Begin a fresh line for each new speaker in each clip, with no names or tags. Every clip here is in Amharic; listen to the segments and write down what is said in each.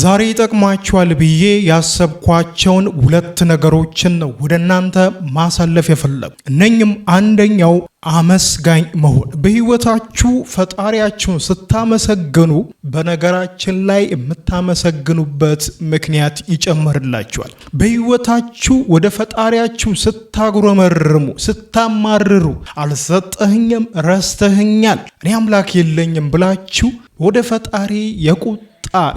ዛሬ ይጠቅማችኋል ብዬ ያሰብኳቸውን ሁለት ነገሮችን ነው ወደ እናንተ ማሳለፍ የፈለግ እነኝም አንደኛው አመስጋኝ መሆን በህይወታችሁ ፈጣሪያችሁን ስታመሰግኑ በነገራችን ላይ የምታመሰግኑበት ምክንያት ይጨመርላችኋል። በህይወታችሁ ወደ ፈጣሪያችሁ ስታጉረመርሙ፣ ስታማርሩ አልሰጠህኝም፣ ረስተህኛል፣ እኔ አምላክ የለኝም ብላችሁ ወደ ፈጣሪ የቁጣ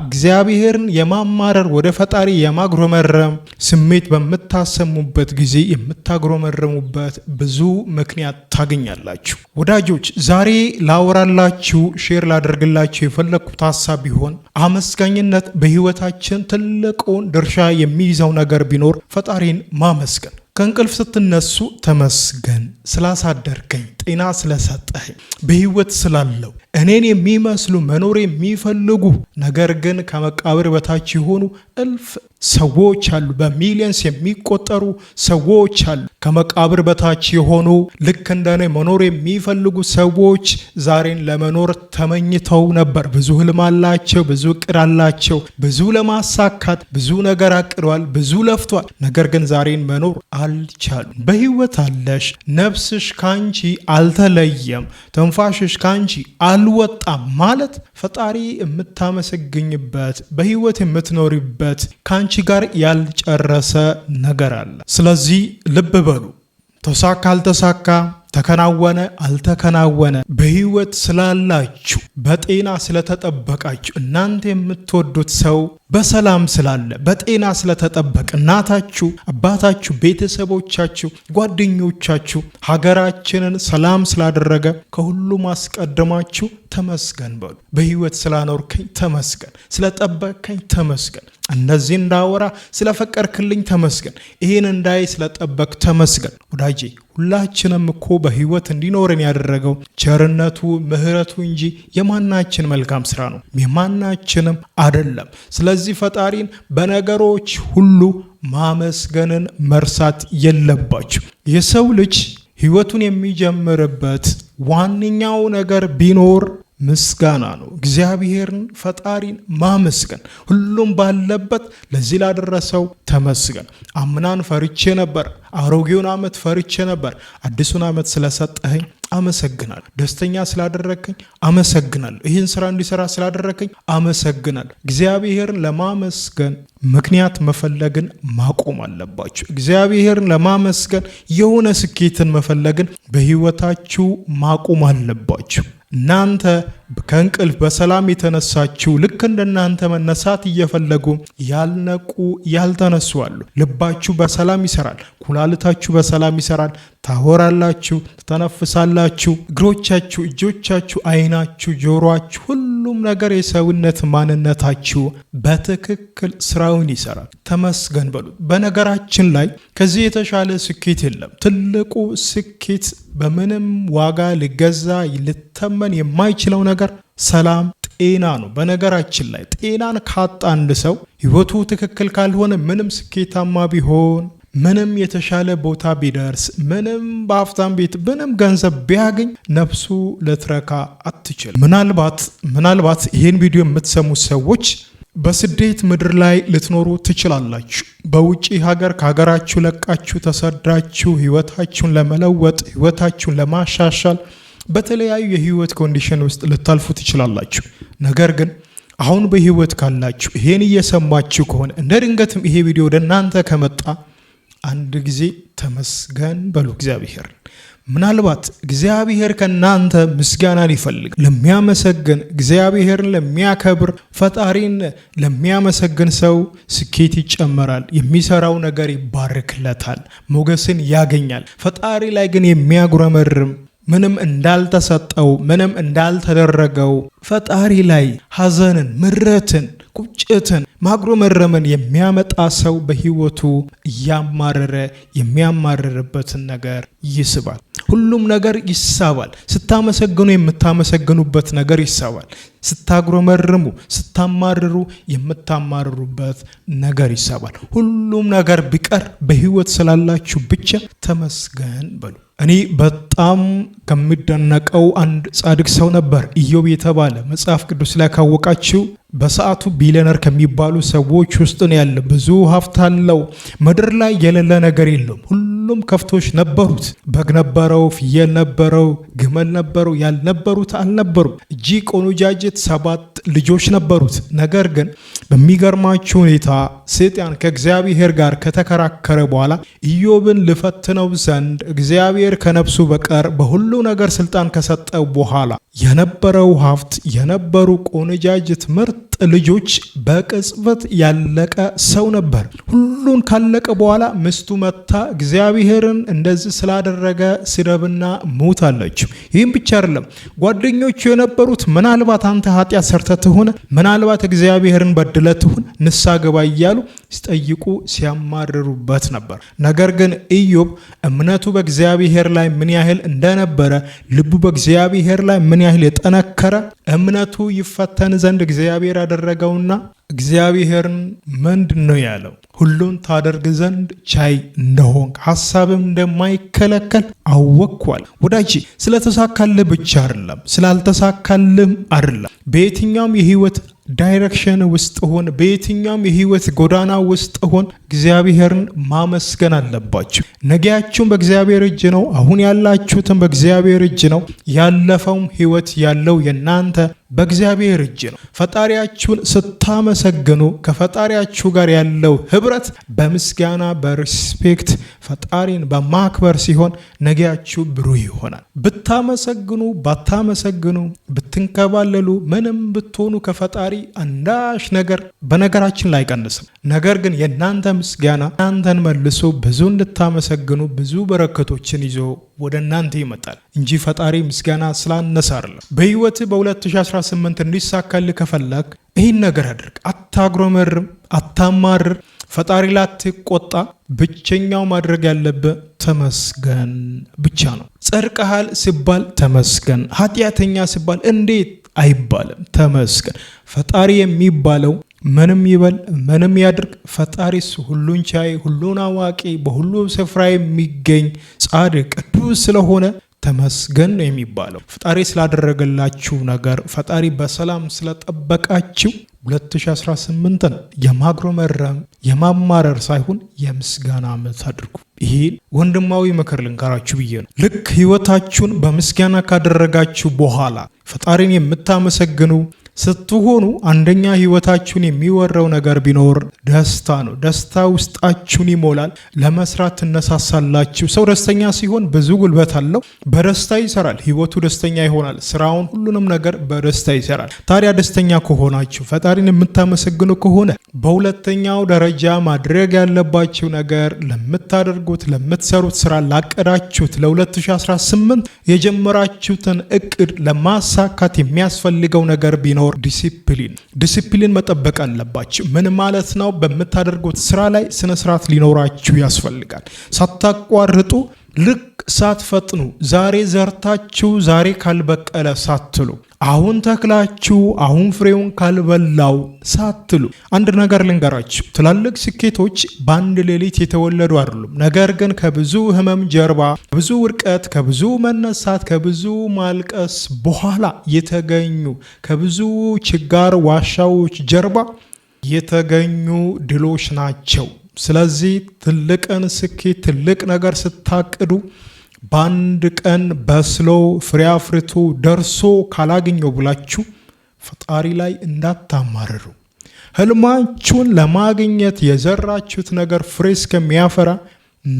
እግዚአብሔርን የማማረር ወደ ፈጣሪ የማጉረመረም ስሜት በምታሰሙበት ጊዜ የምታጉረመረሙበት ብዙ ምክንያት ታገ ታገኛላችሁ። ወዳጆች ዛሬ ላወራላችሁ ሼር ላደርግላችሁ የፈለግኩት ሀሳብ ቢሆን አመስጋኝነት በህይወታችን ትልቁን ድርሻ የሚይዘው ነገር ቢኖር ፈጣሪን ማመስገን ከእንቅልፍ ስትነሱ ተመስገን፣ ስላሳደርገኝ፣ ጤና ስለሰጠኝ በህይወት ስላለው እኔን የሚመስሉ መኖር የሚፈልጉ ነገር ግን ከመቃብር በታች የሆኑ እልፍ ሰዎች አሉ። በሚሊየንስ የሚቆጠሩ ሰዎች አሉ፣ ከመቃብር በታች የሆኑ ልክ እንደኔ መኖር የሚፈልጉ ሰዎች ዛሬን ለመኖር ተመኝተው ነበር። ብዙ ህልም አላቸው፣ ብዙ እቅድ አላቸው፣ ብዙ ለማሳካት ብዙ ነገር አቅደዋል፣ ብዙ ለፍቷል። ነገር ግን ዛሬን መኖር አልቻሉ። በህይወት አለሽ፣ ነፍስሽ ካንቺ አልተለየም፣ ትንፋሽሽ ካንቺ አል አልወጣም ማለት ፈጣሪ የምታመሰግኝበት በህይወት የምትኖሪበት ከአንቺ ጋር ያልጨረሰ ነገር አለ። ስለዚህ ልብ በሉ ተሳካ አልተሳካ ተከናወነ አልተከናወነ በህይወት ስላላችሁ በጤና ስለተጠበቃችሁ እናንተ የምትወዱት ሰው በሰላም ስላለ በጤና ስለተጠበቅ እናታችሁ፣ አባታችሁ፣ ቤተሰቦቻችሁ፣ ጓደኞቻችሁ ሀገራችንን ሰላም ስላደረገ ከሁሉም አስቀድማችሁ ተመስገን በሉ። በህይወት ስላኖርከኝ ተመስገን፣ ስለጠበቅከኝ ተመስገን፣ እነዚህ እንዳወራ ስለፈቀድክልኝ ተመስገን፣ ይህን እንዳይ ስለጠበቅ ተመስገን። ወዳጄ ሁላችንም እኮ በህይወት እንዲኖረን ያደረገው ቸርነቱ ምህረቱ እንጂ የማናችን መልካም ስራ ነው የማናችንም አደለም። ስለዚህ ፈጣሪን በነገሮች ሁሉ ማመስገንን መርሳት የለባቸው። የሰው ልጅ ህይወቱን የሚጀምርበት ዋነኛው ነገር ቢኖር ምስጋና ነው። እግዚአብሔርን ፈጣሪን ማመስገን ሁሉም ባለበት ለዚህ ላደረሰው ተመስገን። አምናን ፈርቼ ነበር፣ አሮጌውን ዓመት ፈርቼ ነበር። አዲሱን ዓመት ስለሰጠኸኝ አመሰግናል። ደስተኛ ስላደረከኝ አመሰግናል። ይህን ስራ እንዲሰራ ስላደረከኝ አመሰግናል። እግዚአብሔርን ለማመስገን ምክንያት መፈለግን ማቆም አለባችሁ። እግዚአብሔርን ለማመስገን የሆነ ስኬትን መፈለግን በህይወታችሁ ማቆም አለባችሁ። Nanta ከእንቅልፍ በሰላም የተነሳችው ልክ እንደናንተ መነሳት እየፈለጉ ያልነቁ ያልተነሱ አሉ። ልባችሁ በሰላም ይሰራል፣ ኩላልታችሁ በሰላም ይሰራል። ታወራላችሁ፣ ትተነፍሳላችሁ። እግሮቻችሁ፣ እጆቻችሁ፣ አይናችሁ፣ ጆሮአችሁ ሁሉም ነገር የሰውነት ማንነታችሁ በትክክል ስራውን ይሰራል። ተመስገን በሉት። በነገራችን ላይ ከዚህ የተሻለ ስኬት የለም። ትልቁ ስኬት በምንም ዋጋ ሊገዛ ሊተመን የማይችለው ነገር ነገር ሰላም፣ ጤና ነው። በነገራችን ላይ ጤናን ካጣ አንድ ሰው ህይወቱ ትክክል ካልሆነ ምንም ስኬታማ ቢሆን ምንም የተሻለ ቦታ ቢደርስ ምንም በሀብታም ቤት ምንም ገንዘብ ቢያገኝ ነፍሱ ልትረካ አትችልም። ምናልባት ምናልባት ይህን ቪዲዮ የምትሰሙ ሰዎች በስደት ምድር ላይ ልትኖሩ ትችላላችሁ። በውጭ ሀገር ከሀገራችሁ ለቃችሁ ተሰዳችሁ ህይወታችሁን ለመለወጥ ህይወታችሁን ለማሻሻል በተለያዩ የህይወት ኮንዲሽን ውስጥ ልታልፉ ትችላላችሁ። ነገር ግን አሁን በህይወት ካላችሁ ይሄን እየሰማችሁ ከሆነ እንደ ድንገትም ይሄ ቪዲዮ ወደ እናንተ ከመጣ አንድ ጊዜ ተመስገን በሉ እግዚአብሔር። ምናልባት እግዚአብሔር ከእናንተ ምስጋናን ይፈልግ። ለሚያመሰግን እግዚአብሔርን ለሚያከብር ፈጣሪን ለሚያመሰግን ሰው ስኬት ይጨመራል፣ የሚሰራው ነገር ይባርክለታል፣ ሞገስን ያገኛል። ፈጣሪ ላይ ግን የሚያጉረመርም ምንም እንዳልተሰጠው ምንም እንዳልተደረገው ፈጣሪ ላይ ሐዘንን፣ ምረትን፣ ቁጭትን፣ ማጉረመረምን የሚያመጣ ሰው በህይወቱ እያማረረ የሚያማርርበትን ነገር ይስባል። ሁሉም ነገር ይሳባል። ስታመሰግኑ የምታመሰግኑበት ነገር ይሳባል። ስታጉረመርሙ፣ ስታማርሩ የምታማርሩበት ነገር ይሳባል። ሁሉም ነገር ቢቀር በህይወት ስላላችሁ ብቻ ተመስገን በሉ። እኔ በጣም ከሚደነቀው አንድ ጻድቅ ሰው ነበር ኢዮብ የተባለ መጽሐፍ ቅዱስ ላይ ካወቃችው በሰዓቱ ቢሊዮነር ከሚባሉ ሰዎች ውስጥ ነው ያለ። ብዙ ሀብት አለው። ምድር ላይ የሌለ ነገር የለም። ሁሉም ከፍቶች ነበሩት። በግ ነበረው፣ ፍየል ነበረው፣ ግመል ነበረው። ያልነበሩት አልነበሩም። እጅግ ቆነጃጅት ሰባት ልጆች ነበሩት። ነገር ግን በሚገርማችሁ ሁኔታ ሰይጣን ከእግዚአብሔር ጋር ከተከራከረ በኋላ ኢዮብን ልፈትነው ዘንድ እግዚአብሔር ከነፍሱ በቀር በሁሉ ነገር ስልጣን ከሰጠው በኋላ የነበረው ሀብት የነበሩ ቆነጃጅት ምርጥ ልጆች በቅጽበት ያለቀ ሰው ነበር። ሁሉን ካለቀ በኋላ ሚስቱ መታ እግዚአብሔርን እንደዚህ ስላደረገ ሲረብና አለች። ይህም ብቻ አይደለም፣ ጓደኞቹ የነበሩት ምናልባት አንተ ኃጢአት ሰርተ ትሆነ፣ ምናልባት እግዚአብሔርን በድለ ትሆን፣ ንሳ ግባ እያሉ ሲጠይቁ ሲያማርሩበት ነበር። ነገር ግን ኢዮብ እምነቱ በእግዚአብሔር ላይ ምን ያህል እንደነበረ ልቡ በእግዚአብሔር ላይ ምን ምን ያህል የጠነከረ እምነቱ ይፈተን ዘንድ እግዚአብሔር አደረገውና እግዚአብሔርን ምንድን ነው ያለው? ሁሉን ታደርግ ዘንድ ቻይ እንደሆንክ ሀሳብም እንደማይከለከል አወቅኳል። ወዳጅ ስለተሳካልህ ብቻ አይደለም፣ ስላልተሳካልህም አይደለም። በየትኛውም የህይወት ዳይሬክሽን ውስጥ ሆን በየትኛውም የህይወት ጎዳና ውስጥ ሆን እግዚአብሔርን ማመስገን አለባችሁ። ነገያችሁም በእግዚአብሔር እጅ ነው። አሁን ያላችሁትም በእግዚአብሔር እጅ ነው። ያለፈውም ህይወት ያለው የእናንተ በእግዚአብሔር እጅ ነው። ፈጣሪያችሁን ስታመሰግኑ ከፈጣሪያችሁ ጋር ያለው ህብረት በምስጋና በሪስፔክት ፈጣሪን በማክበር ሲሆን ነገያችሁ ብሩህ ይሆናል። ብታመሰግኑ ባታመሰግኑ ብትንከባለሉ፣ ምንም ብትሆኑ ከፈጣሪ አንዳች ነገር በነገራችን ላይ ቀንስም። ነገር ግን የእናንተ ምስጋና እናንተን መልሶ ብዙ እንድታመሰግኑ ብዙ በረከቶችን ይዞ ወደ እናንተ ይመጣል እንጂ ፈጣሪ ምስጋና ስላነሰ አይደለም። በህይወት በ2018 እንዲሳካል ከፈለግ ይህን ነገር አድርግ። አታጉረመርም፣ አታማርር። ፈጣሪ ላትቆጣ ብቸኛው ማድረግ ያለብህ ተመስገን ብቻ ነው። ጸድቀሃል ሲባል ተመስገን፣ ኃጢአተኛ ሲባል እንዴት አይባልም። ተመስገን ፈጣሪ የሚባለው ምንም ይበል ምንም ያድርግ፣ ፈጣሪስ ሁሉን ቻይ፣ ሁሉን አዋቂ፣ በሁሉም ስፍራ የሚገኝ ጻድቅ፣ ቅዱስ ስለሆነ ተመስገን ነው የሚባለው። ፈጣሪ ስላደረገላችሁ ነገር፣ ፈጣሪ በሰላም ስለጠበቃችሁ 2018ን የማጉረመረም የማማረር ሳይሆን የምስጋና ዓመት አድርጉ። ይህን ወንድማዊ ምክር ልንገራችሁ ብዬ ነው። ልክ ህይወታችሁን በምስጋና ካደረጋችሁ በኋላ ፈጣሪን የምታመሰግኑ ስትሆኑ አንደኛ ህይወታችሁን የሚወረው ነገር ቢኖር ደስታ ነው። ደስታ ውስጣችሁን ይሞላል። ለመስራት ትነሳሳላችሁ። ሰው ደስተኛ ሲሆን ብዙ ጉልበት አለው። በደስታ ይሰራል። ህይወቱ ደስተኛ ይሆናል። ስራውን፣ ሁሉንም ነገር በደስታ ይሰራል። ታዲያ ደስተኛ ከሆናችሁ ፈጣ ፈጣሪን የምታመሰግኑ ከሆነ በሁለተኛው ደረጃ ማድረግ ያለባችሁ ነገር ለምታደርጉት ለምትሰሩት ስራ ላቀዳችሁት ለ2018 የጀመራችሁትን እቅድ ለማሳካት የሚያስፈልገው ነገር ቢኖር ዲሲፕሊን ዲሲፕሊን መጠበቅ አለባችሁ። ምን ማለት ነው? በምታደርጉት ስራ ላይ ስነስርዓት ሊኖራችሁ ያስፈልጋል። ሳታቋርጡ ልክ ሳትፈጥኑ ዛሬ ዘርታችሁ ዛሬ ካልበቀለ ሳትሉ አሁን ተክላችሁ አሁን ፍሬውን ካልበላው ሳትሉ አንድ ነገር ልንገራችሁ። ትላልቅ ስኬቶች በአንድ ሌሊት የተወለዱ አይደሉም። ነገር ግን ከብዙ ሕመም ጀርባ፣ ከብዙ ውድቀት፣ ከብዙ መነሳት፣ ከብዙ ማልቀስ በኋላ የተገኙ ከብዙ ችጋር ዋሻዎች ጀርባ የተገኙ ድሎች ናቸው። ስለዚህ ትልቅን ስኬት ትልቅ ነገር ስታቅዱ በአንድ ቀን በስሎ ፍሬ አፍርቶ ደርሶ ካላገኘው ብላችሁ ፈጣሪ ላይ እንዳታማርሩ። ህልማችሁን ለማግኘት የዘራችሁት ነገር ፍሬ እስከሚያፈራ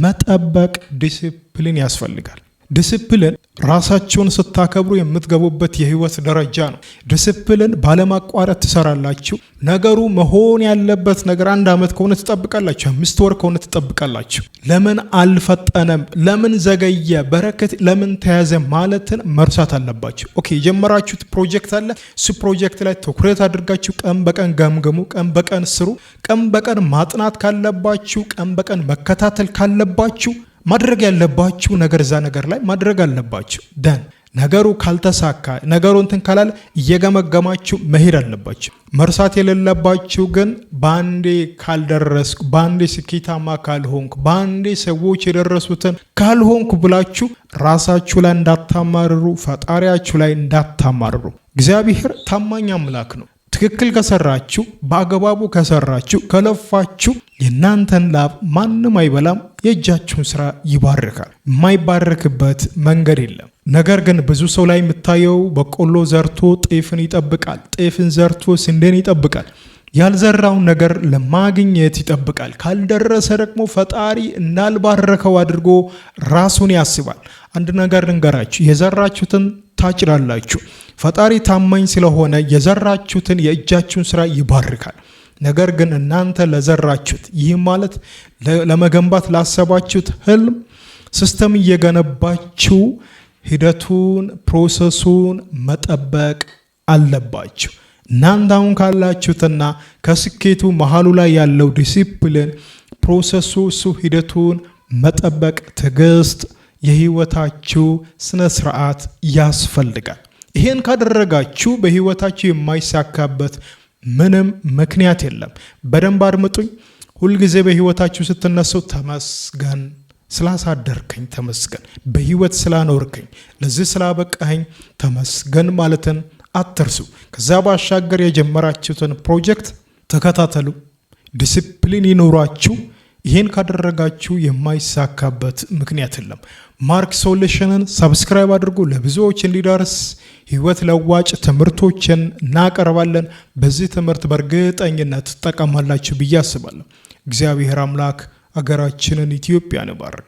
መጠበቅ ዲሲፕሊን ያስፈልጋል። ዲስፕሊን ራሳቸውን ስታከብሩ የምትገቡበት የህይወት ደረጃ ነው። ዲስፕሊን ባለማቋረጥ ትሰራላችሁ። ነገሩ መሆን ያለበት ነገር አንድ ዓመት ከሆነ ትጠብቃላችሁ፣ አምስት ወር ከሆነ ትጠብቃላችሁ። ለምን አልፈጠነም፣ ለምን ዘገየ፣ በረከት ለምን ተያዘ ማለትን መርሳት አለባችሁ። ኦኬ የጀመራችሁት ፕሮጀክት አለ። እሱ ፕሮጀክት ላይ ትኩረት አድርጋችሁ ቀን በቀን ገምግሙ፣ ቀን በቀን ስሩ። ቀን በቀን ማጥናት ካለባችሁ፣ ቀን በቀን መከታተል ካለባችሁ ማድረግ ያለባችሁ ነገር እዛ ነገር ላይ ማድረግ አለባችሁ። ደን ነገሩ ካልተሳካ ነገሩ እንትን ካላል እየገመገማችሁ መሄድ አለባችሁ። መርሳት የሌለባችሁ ግን በአንዴ ካልደረስኩ፣ በአንዴ ስኬታማ ካልሆንኩ፣ በአንዴ ሰዎች የደረሱትን ካልሆንኩ ብላችሁ ራሳችሁ ላይ እንዳታማርሩ፣ ፈጣሪያችሁ ላይ እንዳታማርሩ። እግዚአብሔር ታማኝ አምላክ ነው። በትክክል ከሰራችሁ፣ በአግባቡ ከሰራችሁ፣ ከለፋችሁ የእናንተን ላብ ማንም አይበላም። የእጃችሁን ስራ ይባርካል። የማይባረክበት መንገድ የለም። ነገር ግን ብዙ ሰው ላይ የምታየው በቆሎ ዘርቶ ጤፍን ይጠብቃል፣ ጤፍን ዘርቶ ስንዴን ይጠብቃል። ያልዘራውን ነገር ለማግኘት ይጠብቃል። ካልደረሰ ደግሞ ፈጣሪ እንዳልባረከው አድርጎ ራሱን ያስባል። አንድ ነገር ልንገራችሁ፣ የዘራችሁትን ታጭዳላችሁ። ፈጣሪ ታማኝ ስለሆነ የዘራችሁትን የእጃችሁን ስራ ይባርካል። ነገር ግን እናንተ ለዘራችሁት ይህም ማለት ለመገንባት ላሰባችሁት ህልም ሲስተም እየገነባችሁ ሂደቱን ፕሮሰሱን መጠበቅ አለባችሁ። እናንተ አሁን ካላችሁትና ከስኬቱ መሀሉ ላይ ያለው ዲሲፕሊን ፕሮሰሱ እሱ ሂደቱን መጠበቅ ትዕግስት፣ የህይወታችሁ ስነ ስርዓት ያስፈልጋል። ይሄን ካደረጋችሁ በህይወታችሁ የማይሳካበት ምንም ምክንያት የለም። በደንብ አድምጡኝ። ሁልጊዜ በህይወታችሁ ስትነሱ ተመስገን፣ ስላሳደርከኝ ተመስገን፣ በህይወት ስላኖርከኝ፣ ለዚህ ስላበቃኸኝ ተመስገን ማለትን አትርሱ። ከዛ ባሻገር የጀመራችሁትን ፕሮጀክት ተከታተሉ፣ ዲስፕሊን ይኖሯችሁ ይህን ካደረጋችሁ የማይሳካበት ምክንያት የለም። ማርክ ሶሉሽንን ሰብስክራይብ አድርጉ። ለብዙዎች እንዲደርስ ህይወት ለዋጭ ትምህርቶችን እናቀርባለን። በዚህ ትምህርት በእርግጠኝነት ትጠቀማላችሁ ብዬ አስባለሁ። እግዚአብሔር አምላክ አገራችንን ኢትዮጵያን ይባርክ።